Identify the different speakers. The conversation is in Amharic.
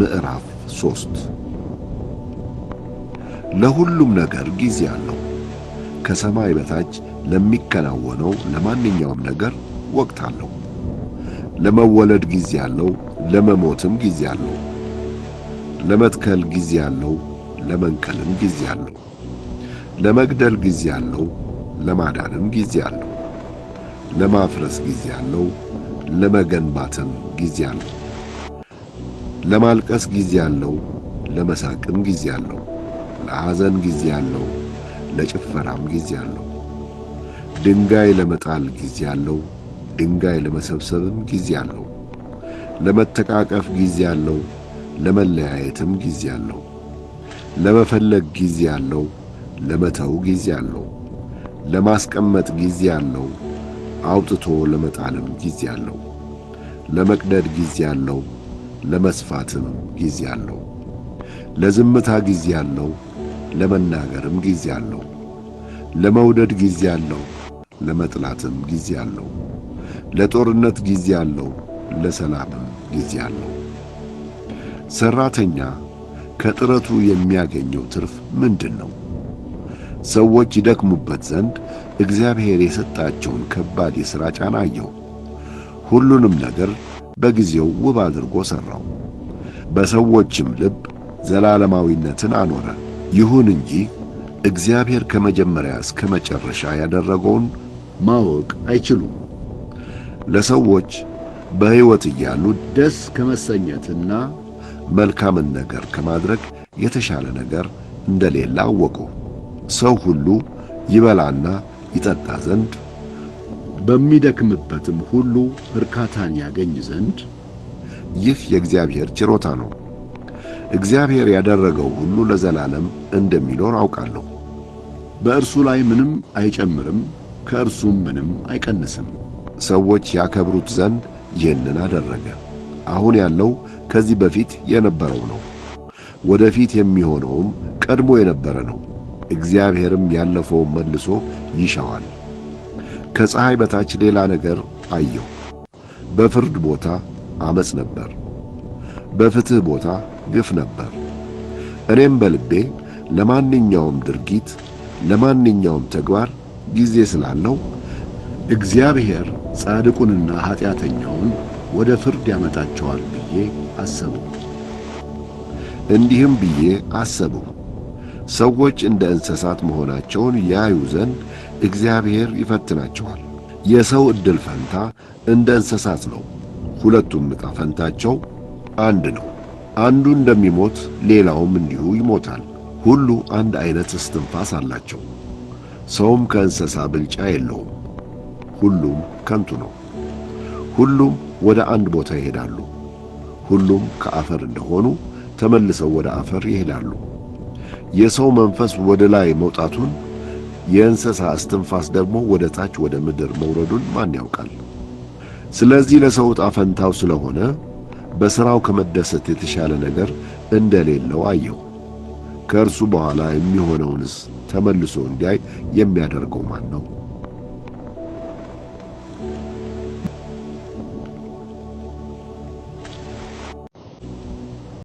Speaker 1: ምዕራፍ ሶስት ለሁሉም ነገር ጊዜ አለው። ከሰማይ በታች ለሚከናወነው ለማንኛውም ነገር ወቅት አለው። ለመወለድ ጊዜ አለው፣ ለመሞትም ጊዜ አለው። ለመትከል ጊዜ አለው፣ ለመንከልም ጊዜ አለው። ለመግደል ጊዜ አለው፣ ለማዳንም ጊዜ አለው። ለማፍረስ ጊዜ አለው፣ ለመገንባትም ጊዜ አለው። ለማልቀስ ጊዜ አለው፣ ለመሳቅም ጊዜ አለው፣ ለሐዘን ጊዜ አለው፣ ለጭፈራም ጊዜ አለው። ድንጋይ ለመጣል ጊዜ አለው፣ ድንጋይ ለመሰብሰብም ጊዜ አለው። ለመተቃቀፍ ጊዜ አለው፣ ለመለያየትም ጊዜ አለው። ለመፈለግ ጊዜ አለው፣ ለመተው ጊዜ አለው። ለማስቀመጥ ጊዜ አለው፣ አውጥቶ ለመጣልም ጊዜ አለው። ለመቅደድ ጊዜ አለው ለመስፋትም ጊዜ አለው። ለዝምታ ጊዜ አለው። ለመናገርም ጊዜ አለው። ለመውደድ ጊዜ አለው። ለመጥላትም ጊዜ አለው። ለጦርነት ጊዜ አለው። ለሰላምም ጊዜ አለው። ሠራተኛ ከጥረቱ የሚያገኘው ትርፍ ምንድን ነው? ሰዎች ይደክሙበት ዘንድ እግዚአብሔር የሰጣቸውን ከባድ የሥራ ጫና አየሁ። ሁሉንም ነገር በጊዜው ውብ አድርጎ ሠራው። በሰዎችም ልብ ዘላለማዊነትን አኖረ። ይሁን እንጂ እግዚአብሔር ከመጀመሪያ እስከ መጨረሻ ያደረገውን
Speaker 2: ማወቅ አይችሉም።
Speaker 1: ለሰዎች በሕይወት እያሉ
Speaker 2: ደስ ከመሰኘትና
Speaker 1: መልካምን ነገር ከማድረግ የተሻለ ነገር እንደሌለ አወቁ። ሰው ሁሉ ይበላና ይጠጣ ዘንድ
Speaker 2: በሚደክምበትም ሁሉ እርካታን ያገኝ ዘንድ
Speaker 1: ይህ የእግዚአብሔር ችሮታ ነው። እግዚአብሔር ያደረገው ሁሉ ለዘላለም እንደሚኖር አውቃለሁ።
Speaker 2: በእርሱ ላይ ምንም አይጨምርም፣ ከእርሱም ምንም አይቀንስም።
Speaker 1: ሰዎች ያከብሩት ዘንድ ይህንን አደረገ። አሁን ያለው ከዚህ በፊት የነበረው ነው፣ ወደፊት የሚሆነውም ቀድሞ የነበረ ነው። እግዚአብሔርም ያለፈውን መልሶ ይሻዋል። ከፀሐይ በታች ሌላ ነገር አየሁ። በፍርድ ቦታ አመፅ ነበር፣ በፍትሕ ቦታ ግፍ ነበር። እኔም በልቤ ለማንኛውም ድርጊት ለማንኛውም ተግባር ጊዜ ስላለው እግዚአብሔር ጻድቁንና ኀጢአተኛውን ወደ ፍርድ ያመጣቸዋል ብዬ አሰብሁ። እንዲህም ብዬ አሰብሁ ሰዎች እንደ እንስሳት መሆናቸውን ያዩ ዘንድ እግዚአብሔር ይፈትናቸዋል። የሰው ዕድል ፈንታ እንደ እንስሳት ነው። ሁለቱም ዕጣ ፈንታቸው አንድ ነው። አንዱ እንደሚሞት ሌላውም እንዲሁ ይሞታል። ሁሉ አንድ ዐይነት እስትንፋስ አላቸው። ሰውም ከእንስሳ ብልጫ የለውም። ሁሉም ከንቱ ነው። ሁሉም ወደ አንድ ቦታ ይሄዳሉ። ሁሉም ከአፈር እንደሆኑ ተመልሰው ወደ አፈር ይሄዳሉ። የሰው መንፈስ ወደ ላይ መውጣቱን የእንስሳ እስትንፋስ ደግሞ ወደ ታች ወደ ምድር መውረዱን ማን ያውቃል? ስለዚህ ለሰው ዕጣ ፈንታው ስለሆነ በሥራው ከመደሰት የተሻለ ነገር እንደሌለው አየሁ። ከእርሱ በኋላ የሚሆነውንስ ተመልሶ እንዲያይ የሚያደርገው ማን ነው?